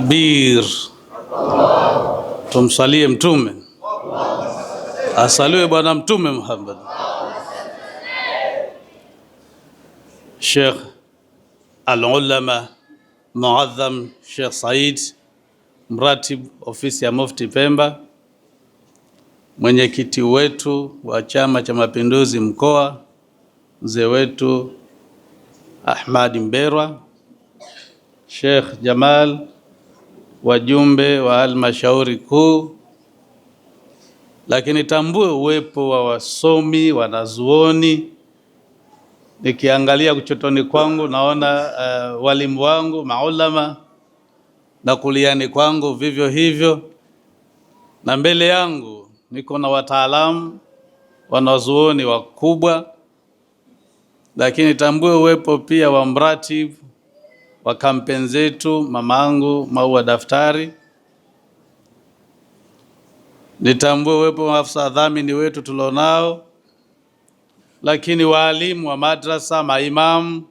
Bir tumsalie Mtume, asaliwe Bwana Mtume Muhammad. Sheikh Al-Ulama Muadham Sheikh Said, mratibu ofisi ya Mufti Pemba, mwenyekiti wetu wa Chama cha Mapinduzi mkoa, mzee wetu Ahmad Mberwa, Sheikh Jamal wajumbe wa halmashauri kuu, lakini tambue uwepo wa wasomi wanazuoni. Nikiangalia kuchotoni kwangu naona uh, walimu wangu maulama na kuliani kwangu vivyo hivyo, na mbele yangu niko na wataalamu wanazuoni wakubwa, lakini tambue uwepo pia wa mratibu wa kampeni zetu, mamangu Maua Daftari. Nitambue uwepo wa afisa dhamini wetu tulionao, lakini waalimu wa madrasa, maimamu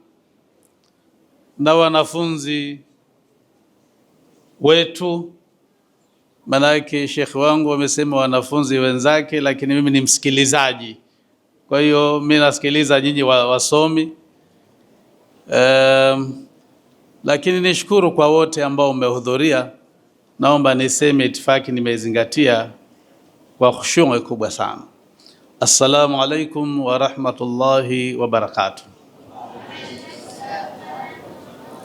na wanafunzi wetu Manake shekhi wangu wamesema wanafunzi wenzake, lakini mimi ni msikilizaji. Kwa hiyo mimi nasikiliza nyinyi wasomi um, lakini nishukuru kwa wote ambao umehudhuria. Naomba niseme itifaki nimezingatia kwa khushu'i kubwa sana. Assalamu alaikum wa rahmatullahi wa barakatuh.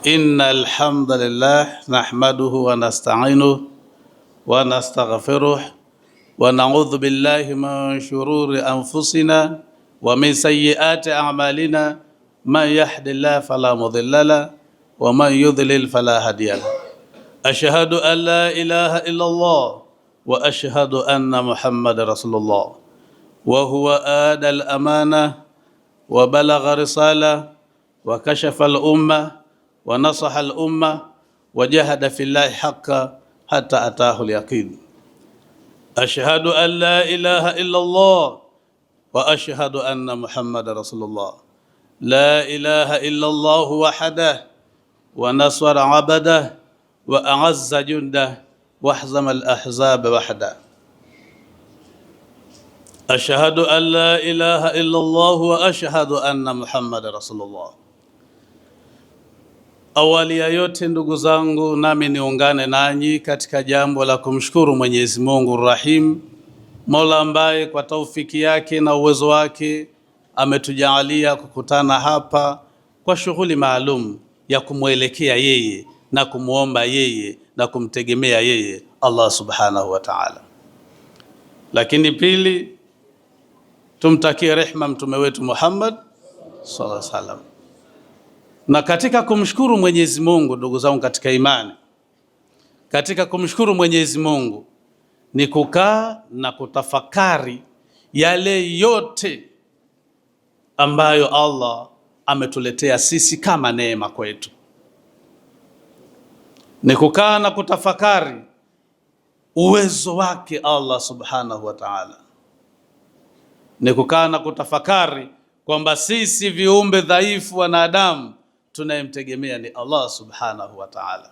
Innal hamdalillah nahmaduhu wa nasta'inuhu wa nastaghfiruh wa na'udhu billahi min shururi anfusina wa min sayyiati a'malina man yahdihillahu fala mudilla lahu ومن يضلل فلا هادي له أشهد أن لا إله إلا الله وأشهد أن محمد رسول الله وهو ادى الأمانة وبلغ رسالة وكشف الأمة ونصح الأمة وجهد في الله حقا حتى أتاه اليقين أشهد أن لا إله إلا الله وأشهد أن محمد رسول الله لا إله إلا الله وحده wanaswara abada wa aazza junda wahzama alahzaba wahda. Ashhadu an la ilaha illa Allah wa ashhadu anna Muhammadan rasulullah. Awali ya yote, ndugu zangu, nami niungane nanyi katika jambo la kumshukuru Mwenyezi Mungu Rahim, Mola ambaye kwa taufiki yake na uwezo wake ametujaalia kukutana hapa kwa shughuli maalum ya kumwelekea yeye na kumwomba yeye na kumtegemea yeye Allah subhanahu wa ta'ala. Lakini pili, tumtakie rehma mtume wetu Muhammad sallallahu alaihi wasallam. Na katika kumshukuru Mwenyezi Mungu, ndugu zangu katika imani, katika kumshukuru Mwenyezi Mungu ni kukaa na kutafakari yale yote ambayo Allah ametuletea sisi kama neema kwetu, ni kukaa na kutafakari uwezo wake Allah subhanahu wa ta'ala, ni kukaa na kutafakari kwamba sisi viumbe dhaifu wanadamu tunayemtegemea ni Allah subhanahu wa ta'ala.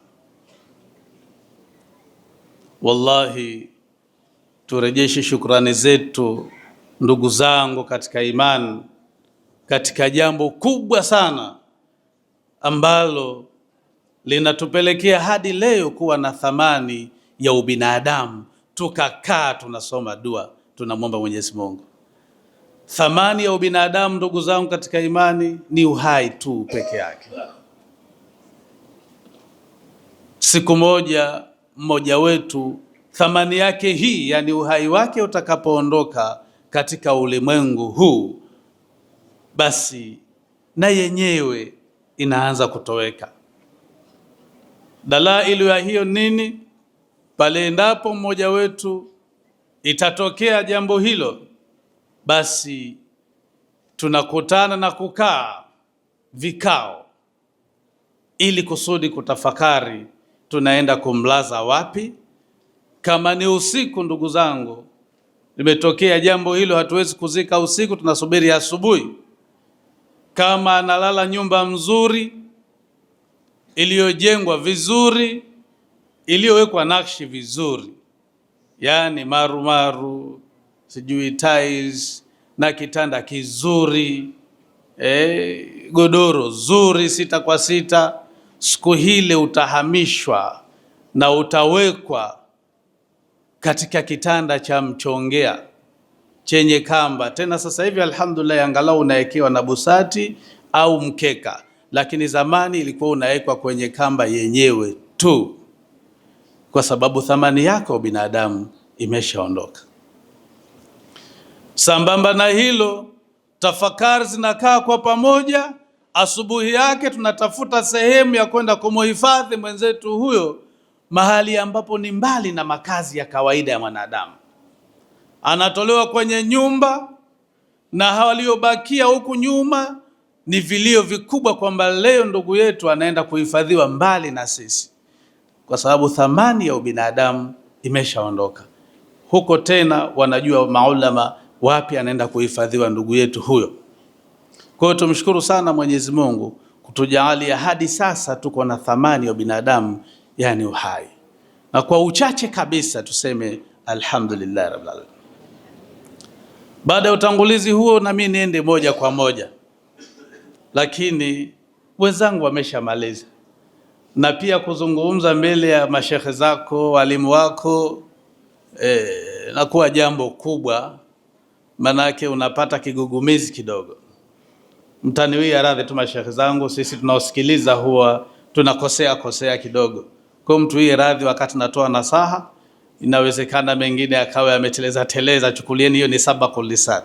Wallahi, turejeshe shukrani zetu ndugu zangu katika imani katika jambo kubwa sana ambalo linatupelekea hadi leo kuwa na thamani ya ubinadamu. Tukakaa tunasoma dua, tunamwomba Mwenyezi Mungu. Thamani ya ubinadamu, ndugu zangu katika imani, ni uhai tu peke yake. Siku moja mmoja wetu thamani yake hii, yani uhai wake utakapoondoka katika ulimwengu huu basi na yenyewe inaanza kutoweka. Dalailu ya hiyo nini? Pale endapo mmoja wetu itatokea jambo hilo, basi tunakutana na kukaa vikao ili kusudi kutafakari tunaenda kumlaza wapi. Kama ni usiku, ndugu zangu, limetokea jambo hilo, hatuwezi kuzika usiku, tunasubiri asubuhi kama analala nyumba mzuri iliyojengwa vizuri iliyowekwa nakshi vizuri, yaani marumaru, sijui tiles na kitanda kizuri eh, godoro zuri sita kwa sita, siku hile utahamishwa na utawekwa katika kitanda cha mchongea chenye kamba. Tena sasa hivi alhamdulillah, angalau unawekewa na busati au mkeka, lakini zamani ilikuwa unawekwa kwenye kamba yenyewe tu, kwa sababu thamani yako binadamu imeshaondoka. Sambamba na hilo, tafakari zinakaa kwa pamoja. Asubuhi yake tunatafuta sehemu ya kwenda kumuhifadhi mwenzetu huyo mahali ambapo ni mbali na makazi ya kawaida ya mwanadamu anatolewa kwenye nyumba, na waliobakia huku nyuma ni vilio vikubwa kwamba leo ndugu yetu anaenda kuhifadhiwa mbali na sisi, kwa sababu thamani ya ubinadamu imeshaondoka huko. Tena wanajua maulama wapi anaenda kuhifadhiwa ndugu yetu huyo. Kwa hiyo tumshukuru sana Mwenyezi Mungu kutujaalia hadi sasa tuko na thamani ya binadamu, yani uhai, na kwa uchache kabisa tuseme alhamdulillah rabbil alamin. Baada ya utangulizi huo, nami niende moja kwa moja, lakini wenzangu wameshamaliza, na pia kuzungumza mbele ya mashehe zako, walimu wako e, eh, nakuwa jambo kubwa, manake unapata kigugumizi kidogo. Mtaniwia radhi tu mashehe zangu, sisi tunaosikiliza huwa tunakosea kosea kidogo, kwa hii radhi wakati natoa nasaha Inawezekana mengine akawa ameteleza teleza, chukulieni hiyo ni sabaqul lisan.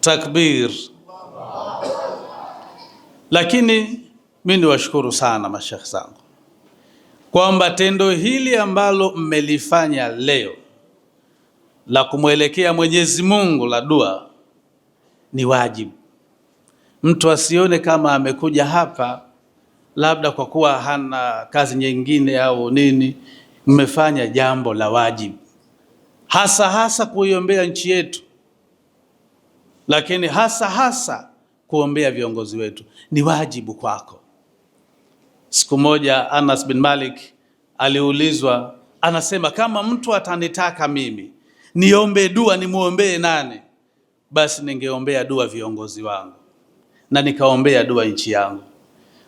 Takbir! Lakini mi niwashukuru sana mashekh zangu kwamba tendo hili ambalo mmelifanya leo la kumwelekea Mwenyezi Mungu la dua ni wajibu. Mtu asione kama amekuja hapa labda kwa kuwa hana kazi nyingine au nini mmefanya jambo la wajibu, hasa hasa kuiombea nchi yetu, lakini hasa hasa kuombea viongozi wetu ni wajibu kwako. Siku moja Anas bin Malik aliulizwa, anasema kama mtu atanitaka mimi niombe dua, nimwombee nani? Basi ningeombea dua viongozi wangu na nikaombea dua nchi yangu,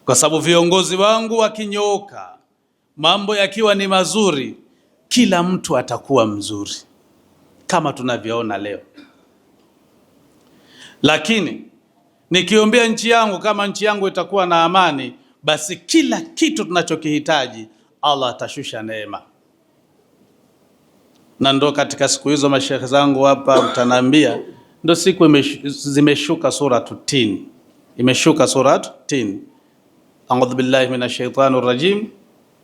kwa sababu viongozi wangu wakinyooka Mambo yakiwa ni mazuri, kila mtu atakuwa mzuri kama tunavyoona leo. Lakini nikiombea nchi yangu, kama nchi yangu itakuwa na amani, basi kila kitu tunachokihitaji Allah atashusha neema. Na ndo katika siku hizo mashehe zangu hapa mtanambia, ndo siku zimeshuka suratu Tin, imeshuka suratu Tin. Audhu billahi minash shaitani rajim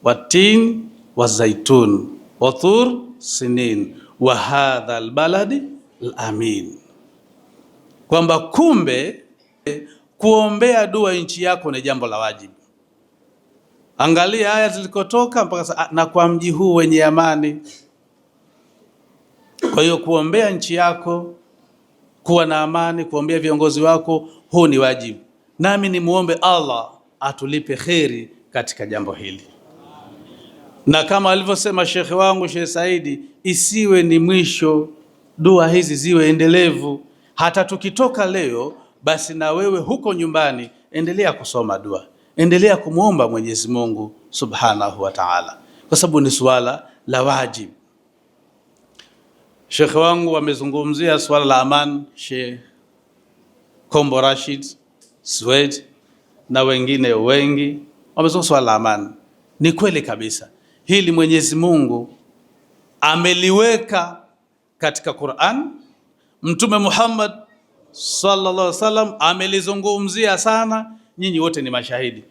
watin wa zaitun wa thur sinin wa hadha albaladi alamin, kwamba kumbe kuombea dua nchi yako ni jambo la wajibu. Angalia haya zilikotoka mpaka sa, na kwa mji huu wenye amani. Kwa hiyo kuombea nchi yako kuwa na amani, kuombea viongozi wako, huu ni wajibu. Nami nimwombe Allah atulipe kheri katika jambo hili na kama alivyosema shekhe wangu Sheikh Saidi, isiwe ni mwisho, dua hizi ziwe endelevu. Hata tukitoka leo, basi na wewe huko nyumbani endelea kusoma dua, endelea kumwomba Mwenyezi Mungu Subhanahu wa Ta'ala, kwa sababu ni suala la wajibu. Shekhe wangu amezungumzia suala la aman Sheikh Kombo Rashid Swed na wengine wengi wamezungumza suala la amani. Ni kweli kabisa hili Mwenyezi Mungu ameliweka katika Qur'an. Mtume Muhammad sallallahu alaihi wasallam amelizungumzia sana, nyinyi wote ni mashahidi.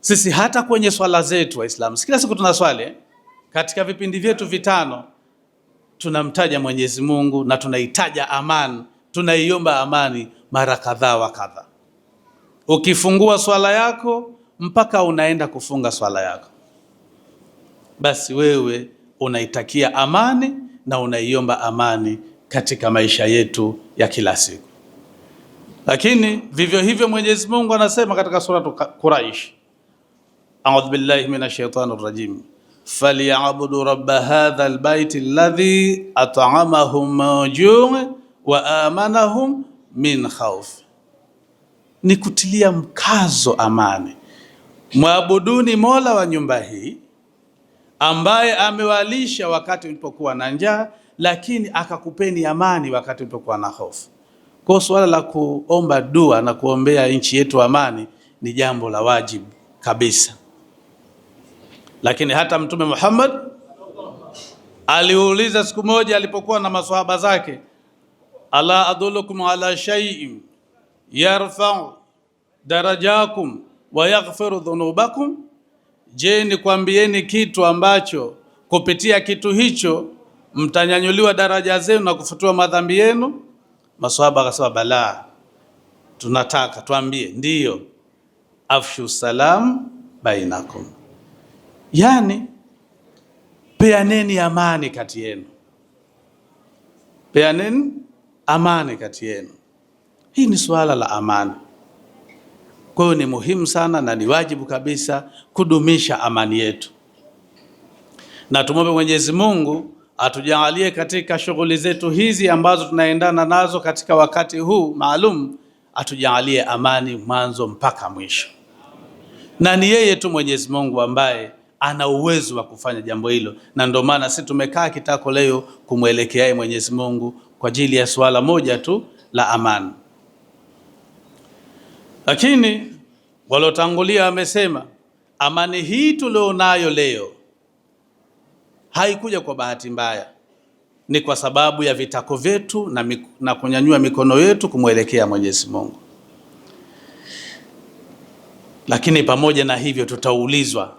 Sisi hata kwenye swala zetu Waislamu, kila siku tunaswali, eh? katika vipindi vyetu vitano tunamtaja Mwenyezi Mungu na tunaitaja amani, tunaiomba amani mara kadhaa wa kadhaa, ukifungua swala yako mpaka unaenda kufunga swala yako basi wewe unaitakia amani na unaiomba amani katika maisha yetu ya kila siku. Lakini vivyo hivyo Mwenyezi Mungu anasema katika suratu Quraysh, audhu billahi minash shaitani rajim falyabudu rabba hadha albaiti alladhi at'amahum min wa amanahum min khawf, ni kutilia mkazo amani. Mwabuduni mola wa nyumba hii ambaye amewalisha wakati ulipokuwa na njaa, lakini akakupeni amani wakati ulipokuwa na hofu. Kwa suala la kuomba dua na kuombea nchi yetu amani ni jambo la wajibu kabisa, lakini hata Mtume Muhammad aliuliza siku moja alipokuwa na maswahaba zake, ala adulukum ala shay'in yarfa'u darajakum wa yaghfiru dhunubakum Je, nikwambieni kitu ambacho kupitia kitu hicho mtanyanyuliwa daraja zenu na kufutiwa madhambi yenu? Maswahaba akasema bala, tunataka tuambie. Ndiyo, afshu salam bainakum, yani peaneni amani kati yenu, peaneni amani kati yenu. Hii ni suala la amani. Kwa hiyo ni muhimu sana na ni wajibu kabisa kudumisha amani yetu, na tumwombe Mwenyezi Mungu atujalie katika shughuli zetu hizi ambazo tunaendana nazo katika wakati huu maalum, atujalie amani mwanzo mpaka mwisho, na ni yeye tu Mwenyezi Mungu ambaye ana uwezo wa kufanya jambo hilo, na ndio maana sisi tumekaa kitako leo kumwelekea Mwenyezi Mungu kwa ajili ya suala moja tu la amani. Lakini waliotangulia wamesema amani hii tulionayo leo haikuja kwa bahati mbaya, ni kwa sababu ya vitako vyetu na, na kunyanyua mikono yetu kumwelekea Mwenyezi Mungu. Lakini pamoja na hivyo tutaulizwa.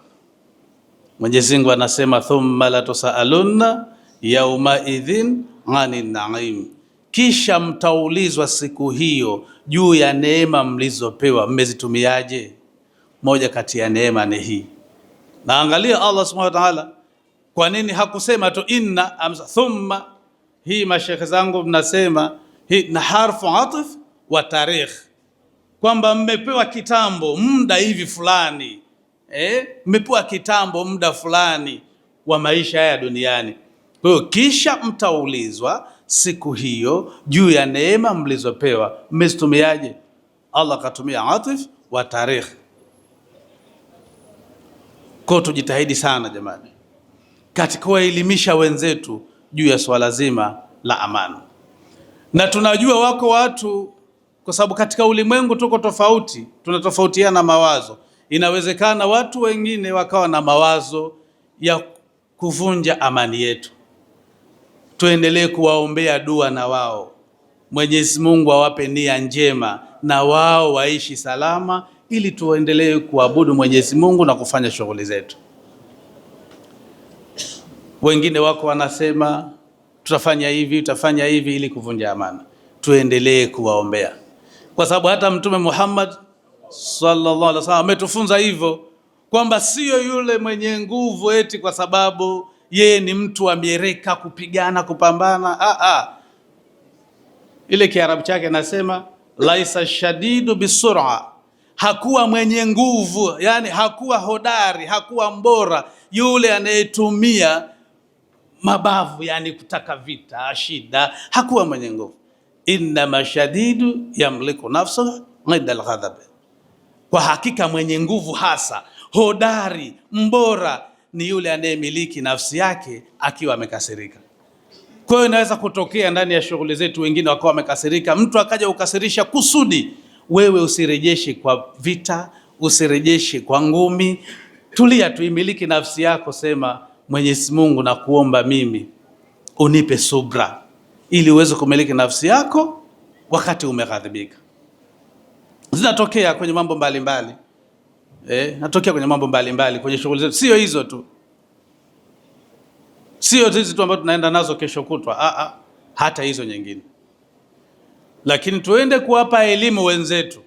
Mwenyezi Mungu anasema, thumma latusaalunna yaumaidhin anin naim kisha mtaulizwa siku hiyo juu ya neema mlizopewa, mmezitumiaje? Moja kati ya neema ni hii. Naangalia Allah subhanahu wa ta'ala, kwa nini hakusema tu inna thumma? Hii mashekhe zangu mnasema hii na harfu atif wa tarikh, kwamba mmepewa kitambo muda hivi fulani eh, mmepewa kitambo muda fulani wa maisha haya duniani. Kwa hiyo kisha mtaulizwa siku hiyo juu ya neema mlizopewa mmezitumiaje? Allah akatumia atif wa tarikh. Kwa tujitahidi sana jamani, katika kuwaelimisha wenzetu juu ya swala zima la amani, na tunajua wako watu, kwa sababu katika ulimwengu tuko tofauti, tunatofautiana mawazo. Inawezekana watu wengine wakawa na mawazo ya kuvunja amani yetu tuendelee kuwaombea dua na wao. Mwenyezi Mungu awape nia njema na wao waishi salama, ili tuendelee kuabudu Mwenyezi Mungu na kufanya shughuli zetu. Wengine wako wanasema tutafanya hivi, tutafanya hivi ili kuvunja amana. Tuendelee kuwaombea, kwa sababu hata Mtume Muhammad sallallahu alaihi wasallam ametufunza hivyo kwamba siyo yule mwenye nguvu eti kwa sababu yeye ni mtu amereka kupigana kupambana. Ah, ah. Ile Kiarabu chake nasema laisa shadidu bisura, hakuwa mwenye nguvu, yani hakuwa hodari, hakuwa mbora yule anayetumia mabavu, yani kutaka vita, shida, hakuwa mwenye nguvu. Innama shadidu yamliku nafsuhu inda alghadhab, kwa hakika mwenye nguvu hasa hodari mbora ni yule anayemiliki nafsi yake akiwa amekasirika. Kwa hiyo inaweza kutokea ndani ya shughuli zetu, wengine wakawa wamekasirika, mtu akaja ukasirisha kusudi. Wewe usirejeshe kwa vita, usirejeshe kwa ngumi. Tulia, tuimiliki nafsi yako, sema Mwenyezi Mungu, na kuomba mimi unipe subra ili uweze kumiliki nafsi yako wakati umeghadhibika. Zinatokea kwenye mambo mbalimbali mbali eh, natokea kwenye mambo mbalimbali kwenye shughuli zetu, sio hizo tu, sio hizi tu ambazo tunaenda nazo kesho kutwa, a ah, a, ah, hata hizo nyingine. Lakini tuende kuwapa elimu wenzetu,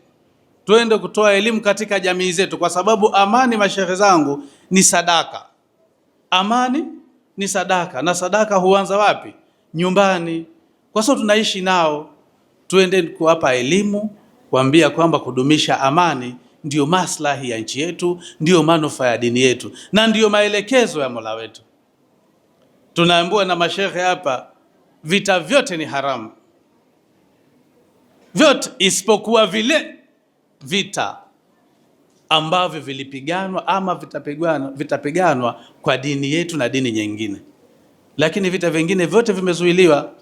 tuende kutoa elimu katika jamii zetu, kwa sababu amani, mashehe zangu, ni sadaka. Amani ni sadaka, na sadaka huanza wapi? Nyumbani, kwa sababu tunaishi nao. Tuende kuwapa elimu, kuambia kwamba kudumisha amani ndiyo maslahi ya nchi yetu, ndiyo manufaa ya dini yetu, na ndiyo maelekezo ya Mola wetu. Tunaambiwa na mashehe hapa, vita vyote ni haramu, vyote isipokuwa vile vita ambavyo vilipiganwa ama vitapiganwa, vitapiganwa kwa dini yetu na dini nyingine, lakini vita vingine vyote vimezuiliwa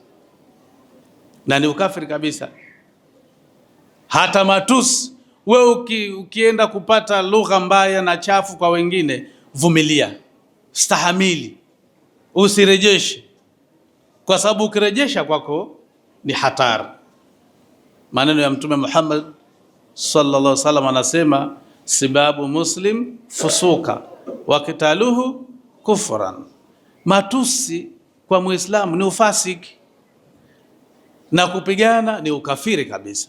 na ni ukafiri kabisa. Hata matusi we uki, ukienda kupata lugha mbaya na chafu kwa wengine, vumilia, stahamili, usirejeshe, kwa sababu ukirejesha kwako ni hatari. Maneno ya Mtume Muhammad sallallahu alaihi wasallam anasema, sibabu muslim fusuka wakitaluhu kufran, matusi kwa muislamu ni ufasiki na kupigana ni ukafiri kabisa.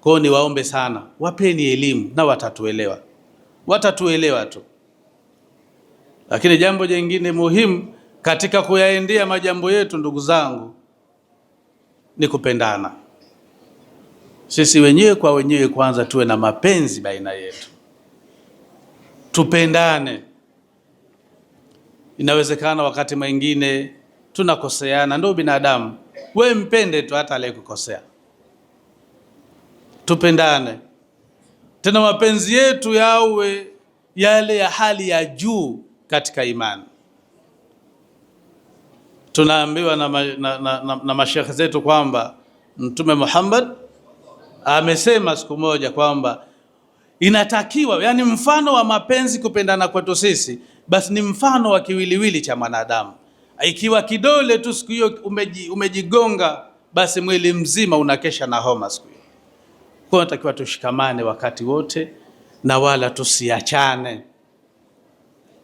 Kwao niwaombe sana, wapeni elimu na watatuelewa, watatuelewa tu. Lakini jambo jingine muhimu katika kuyaendea majambo yetu, ndugu zangu, ni kupendana sisi wenyewe kwa wenyewe. Kwanza tuwe na mapenzi baina yetu, tupendane. Inawezekana wakati mwingine tunakoseana, ndio binadamu. We mpende tu hata aliyekukosea tupendane, tena mapenzi yetu yawe yale ya hali ya juu katika imani. Tunaambiwa na, ma, na, na, na, na mashekhe zetu kwamba Mtume Muhammad amesema siku moja kwamba inatakiwa yani, mfano wa mapenzi kupendana kwetu sisi basi ni mfano wa kiwiliwili cha mwanadamu. Ikiwa kidole tu siku hiyo umejigonga, basi mwili mzima unakesha na homa siku kwa natakiwa tushikamane wakati wote na wala tusiachane,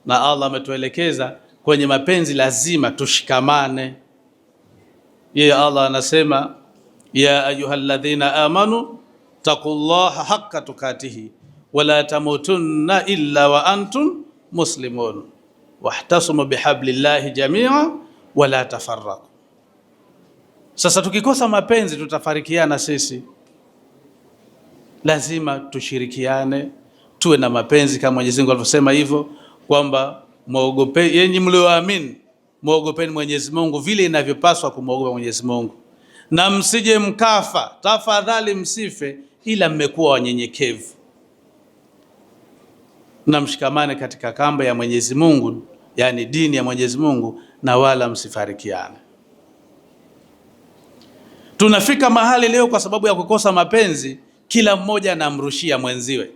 na Allah ametuelekeza kwenye mapenzi, lazima tushikamane. Yeye Allah anasema ya ayyuhalladhina amanu taqullaha haqqa tukatihi wala tamutunna illa wa antum muslimun wahtasimu bihablillahi jamia wala tafarraqu. Sasa tukikosa mapenzi tutafarikiana sisi lazima tushirikiane, tuwe na mapenzi kama Mwenyezi Mungu alivyosema hivyo kwamba muogope, yenyi mlioamini muogopeni Mwenyezi Mungu vile inavyopaswa kumwogopa Mwenyezi Mungu, na msije mkafa, tafadhali msife ila mmekuwa wanyenyekevu, na mshikamane katika kamba ya Mwenyezi Mungu, yani dini ya Mwenyezi Mungu, na wala msifarikiane. Tunafika mahali leo kwa sababu ya kukosa mapenzi kila mmoja anamrushia mwenziwe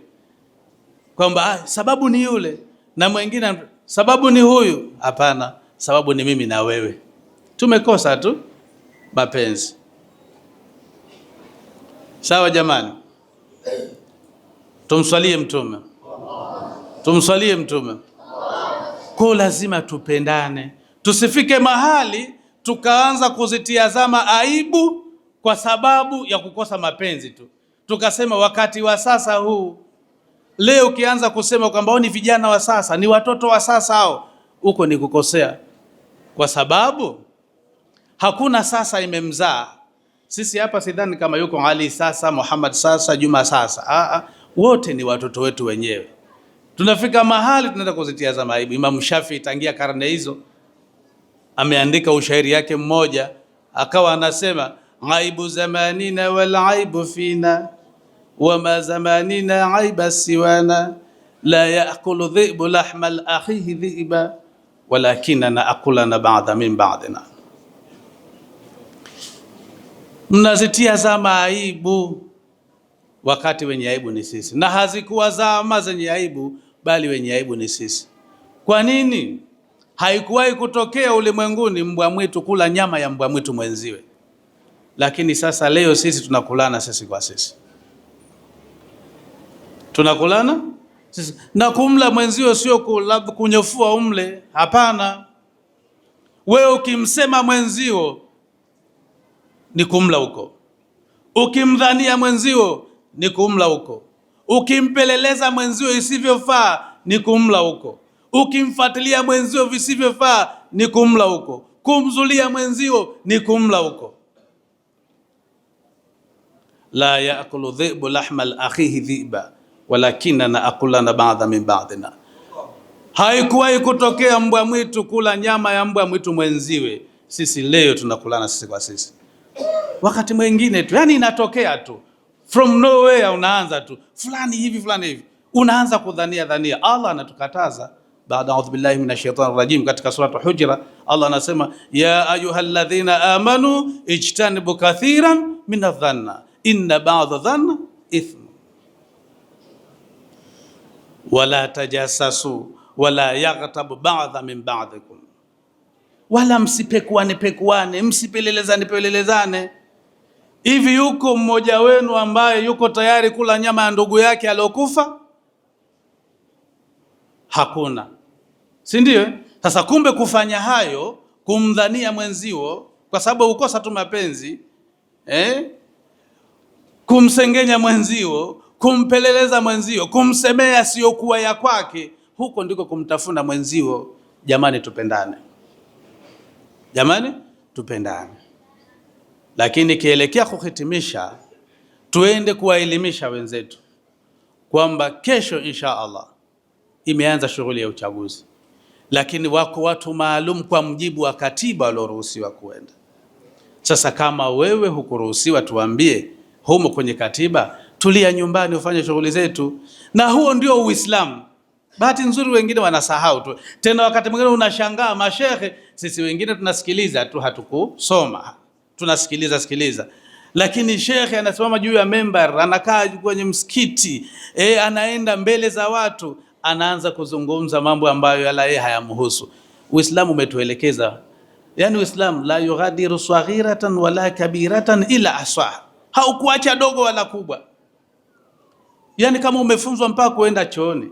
kwamba ah, sababu ni yule na mwingine sababu ni huyu. Hapana, sababu ni mimi na wewe, tumekosa tu mapenzi. Sawa jamani, tumswalie Mtume, tumswalie Mtume. Kwa lazima tupendane, tusifike mahali tukaanza kuzitiazama aibu kwa sababu ya kukosa mapenzi tu. Tukasema wakati wa sasa huu, leo ukianza kusema kwamba oh, ni vijana wa sasa, ni watoto wa sasa hao, huko ni kukosea, kwa sababu hakuna sasa imemzaa. Sisi hapa sidhani kama yuko Ali sasa, Muhammad sasa, Juma sasa. Aa, wote ni watoto wetu wenyewe. Tunafika mahali tunaenda kuzitia za maibu. Imam Shafi tangia karne hizo ameandika ushairi yake mmoja, akawa anasema ghaibu zamanina wal aibu fina wama zamanina aiba siwana la yakulu dhibu lahma lahihi dhiba walakinana akulana bada min badina, mnazitia zama aibu wakati wenye aibu ni sisi, na hazikuwa zama zenye aibu, bali wenye aibu ni sisi. Kwa nini? Haikuwahi kutokea ulimwenguni mbwa mwitu kula nyama ya mbwa mwitu mwenziwe, lakini sasa leo sisi tunakulana sisi kwa sisi tunakulana sisi. Na kumla mwenzio sio kunyofua umle, hapana. Wewe ukimsema mwenzio ni kumla huko, ukimdhania mwenzio ni kumla huko, ukimpeleleza mwenzio isivyofaa ni kumla huko, ukimfuatilia mwenzio visivyofaa ni kumla huko, kumzulia mwenzio ni kumla huko. La yakulu dhibu lahma al akhihi dhiba walakinana akulana baadha min baadhina. Haikuwahi kutokea mbwa mwitu kula nyama ya mbwa mwitu mwenziwe. Sisi leo tunakulana sisi kwa sisi, wakati mwingine tu, yani inatokea tu from nowhere, unaanza tu fulani hivi fulani hivi, unaanza kudhania dhania. Allah anatukataza baada, audhu billahi minashaitani rajim, katika suratu Hujra Allah anasema ya ayyuhalladhina amanu ijtanibu kathiran minadh-dhanna inna ba'dha dhanna ithm wala tajasasu wala yaghtabu ba'dha min ba'dikum, wala msipekuane pekuane, msipelelezane pelelezane. Hivi yuko mmoja wenu ambaye yuko tayari kula nyama ya ndugu yake aliokufa? Hakuna, si ndio? Eh? Sasa kumbe kufanya hayo, kumdhania mwenzio kwa sababu ukosa tu mapenzi eh? kumsengenya mwenzio kumpeleleza mwenzio, kumsemea asiyokuwa ya kwake, huko ndiko kumtafuna mwenzio. Jamani, tupendane, jamani, tupendane. Lakini kielekea kuhitimisha, tuende kuwaelimisha wenzetu kwamba kesho insha Allah imeanza shughuli ya uchaguzi, lakini wako watu maalum kwa mjibu wa katiba walioruhusiwa kuenda. Sasa kama wewe hukuruhusiwa, tuambie humo kwenye katiba tulia nyumbani, ufanye shughuli zetu, na huo ndio Uislamu. Bahati nzuri wengine wanasahau tu, tena wakati mwingine unashangaa mashehe. Sisi wengine tunasikiliza tu, hatukusoma tunasikiliza sikiliza, lakini shekhe anasimama juu ya membar, anakaa kwenye msikiti e, anaenda mbele za watu, anaanza kuzungumza mambo ambayo yala yeye hayamhusu. Uislamu umetuelekeza yani, Uislamu la yughadiru saghiratan wala kabiratan ila aswa, haukuacha dogo wala kubwa. Yaani kama umefunzwa mpaka kuenda chooni,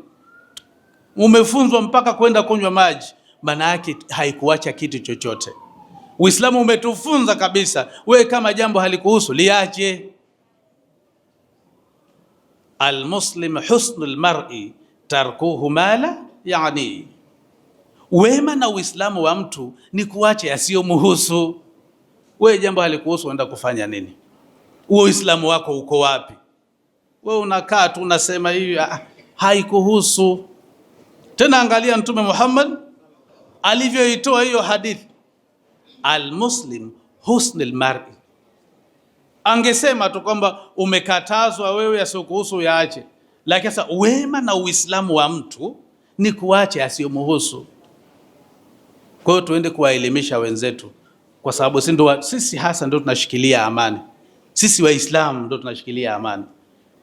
umefunzwa mpaka kwenda kunywa maji, maana yake haikuacha kitu chochote. Uislamu umetufunza kabisa, we kama jambo halikuhusu liache. Almuslim husnu lmari tarkuhu mala yani, wema na Uislamu wa mtu ni kuacha yasiyomuhusu. We jambo halikuhusu, unaenda kufanya nini? uo Uislamu wako uko wapi? We unakaa tu unasema hivi, ah, haikuhusu tena. Angalia Mtume Muhammad alivyoitoa hiyo hadithi, almuslim husnul mar'i. Angesema tu kwamba umekatazwa wewe asiokuhusu yaache, lakini sasa wema na Uislamu wa mtu ni kuache asiyomuhusu Kwa hiyo tuende kuwaelimisha wenzetu, kwa sababu sisi hasa ndio tunashikilia amani, sisi Waislamu ndio tunashikilia amani.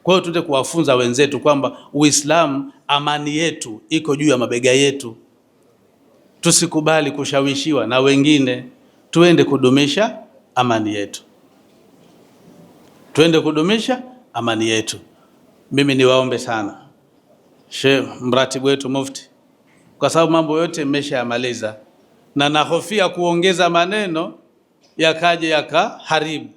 Kwa hiyo tuende kuwafunza wenzetu kwamba Uislamu amani yetu iko juu ya mabega yetu, tusikubali kushawishiwa na wengine, tuende kudumisha amani yetu, tuende kudumisha amani yetu. Mimi niwaombe sana Sheikh mratibu wetu Mufti, kwa sababu mambo yote mmeshayamaliza, na nahofia kuongeza maneno yakaje yakaharibu,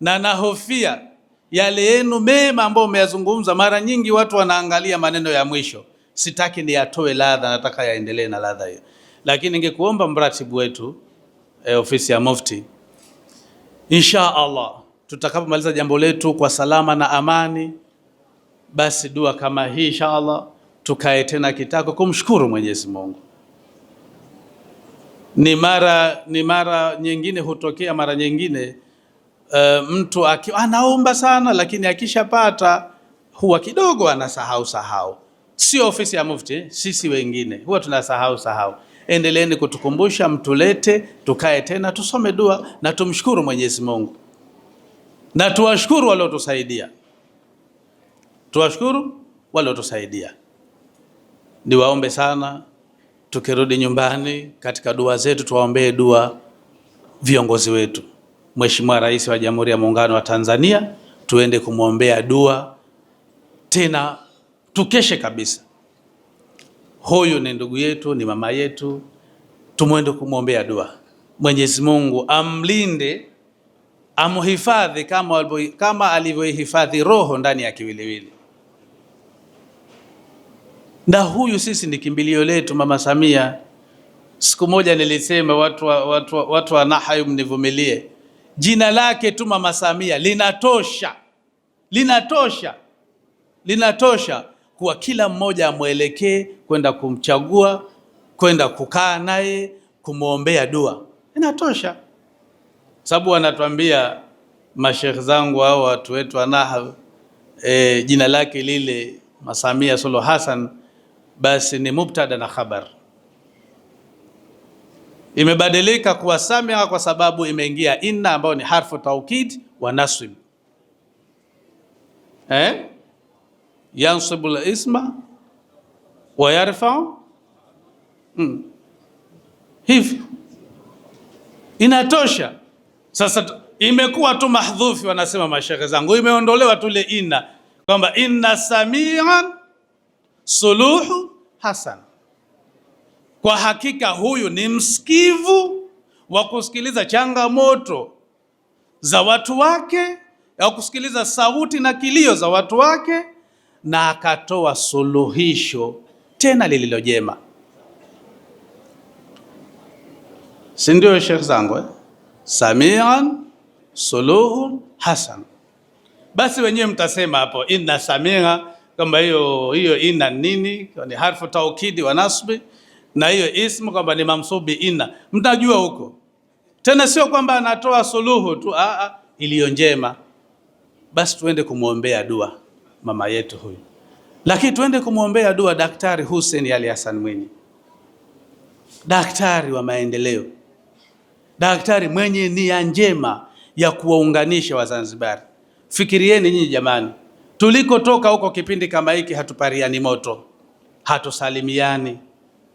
na nahofia yale yenu mema ambayo umeyazungumza. Mara nyingi watu wanaangalia maneno ya mwisho, sitaki ni yatoe ladha, nataka yaendelee na ladha hiyo. Lakini ningekuomba mratibu wetu eh, ofisi ya Mufti, insha Allah tutakapomaliza jambo letu kwa salama na amani, basi dua kama hii insha Allah tukae tena kitako kumshukuru Mwenyezi Mungu. Ni mara ni mara nyingine hutokea, mara nyingine Eh, mtu anaomba sana lakini akishapata huwa kidogo anasahau sahau. Sio ofisi ya Mufti, sisi wengine huwa tunasahau sahau. Endeleeni kutukumbusha, mtulete tukae tena tusome dua na tumshukuru Mwenyezi Mungu na tuwashukuru waliotusaidia, tuwashukuru waliotusaidia. Niwaombe sana, tukirudi nyumbani katika dua zetu tuwaombee dua viongozi wetu. Mheshimiwa Rais wa Jamhuri ya Muungano wa Tanzania, tuende kumwombea dua, tena tukeshe kabisa. Huyu ni ndugu yetu, ni mama yetu, tumwende kumwombea dua. Mwenyezi Mungu amlinde, amhifadhi kama, kama alivyoihifadhi roho ndani ya kiwiliwili. Na huyu sisi ni kimbilio letu, mama Samia. Siku moja nilisema watu wa, watu wa, watu wa Nahayu mnivumilie Jina lake tu Mama Samia linatosha, linatosha, linatosha kuwa kila mmoja amwelekee kwenda kumchagua, kwenda kukaa naye, kumwombea dua, inatosha. Sababu wanatuambia mashekh zangu hao watu wetu wanaha e, jina lake lile masamia Samia Suluhu Hassan basi ni mubtada na khabar imebadilika kuwa samia kwa sababu imeingia inna ambayo ni harfu taukid wa nasib eh? yansibu lisma wa yarfa hmm. Hivyo inatosha sasa, imekuwa tu mahdhufi, wanasema mashehe zangu, imeondolewa tule inna, kwamba inna samian suluhu hasan kwa hakika huyu ni msikivu wa kusikiliza changamoto za watu wake, au kusikiliza sauti na kilio za watu wake, na akatoa suluhisho tena lililo jema. Si ndio, Sheikh zangu eh? Samian suluhu hasan. Basi wenyewe mtasema hapo inna samia, kwamba hiyo hiyo ina nini, ni harfu taukidi wa nasbi na hiyo ismu kwamba ni mamsubi ina, mtajua huko tena. Sio kwamba anatoa suluhu tu, a iliyo njema. Basi tuende kumwombea dua mama yetu huyu, lakini tuende kumwombea dua Daktari Hussein Ali Hassan Mwinyi, daktari wa maendeleo, daktari mwenye nia njema ya kuwaunganisha Wazanzibari. Fikirieni nyinyi jamani, tulikotoka huko kipindi kama hiki hatupariani moto, hatusalimiani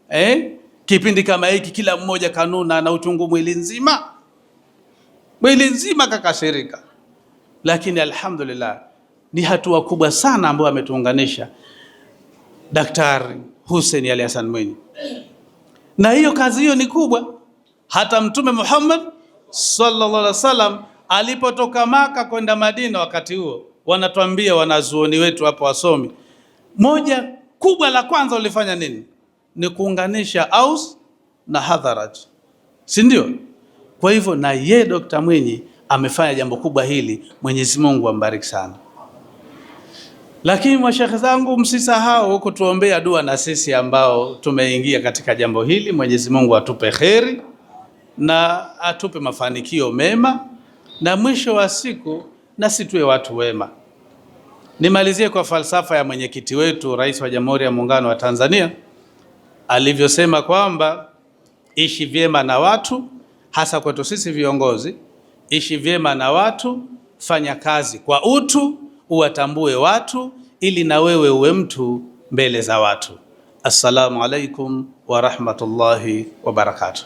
eh? Kipindi kama hiki kila mmoja kanuna na uchungu mwili nzima, mwili nzima kakashirika, lakini alhamdulillah ni hatua kubwa sana ambayo ametuunganisha Daktari Hussein Ali Hassan Mwinyi, na hiyo kazi hiyo ni kubwa. Hata Mtume Muhammad sallallahu alaihi wasallam alipotoka Maka kwenda Madina, wakati huo wanatuambia wanazuoni wetu hapo wasomi, moja kubwa la kwanza ulifanya nini? ni kuunganisha Aus na Hadharaj, si ndio? Kwa hivyo na ye Dr. Mwinyi amefanya jambo kubwa hili, Mwenyezi Mungu ambariki sana. Lakini mwashekhe zangu, msisahau kutuombea dua na sisi ambao tumeingia katika jambo hili. Mwenyezi Mungu atupe kheri na atupe mafanikio mema, na mwisho wa siku nasi tuwe watu wema. Nimalizie kwa falsafa ya mwenyekiti wetu, Rais wa Jamhuri ya Muungano wa Tanzania alivyosema kwamba ishi vyema na watu, hasa kwetu sisi viongozi, ishi vyema na watu, fanya kazi kwa utu, uwatambue watu ili na wewe uwe mtu mbele za watu. Assalamu alaikum wa rahmatullahi wa barakatuh.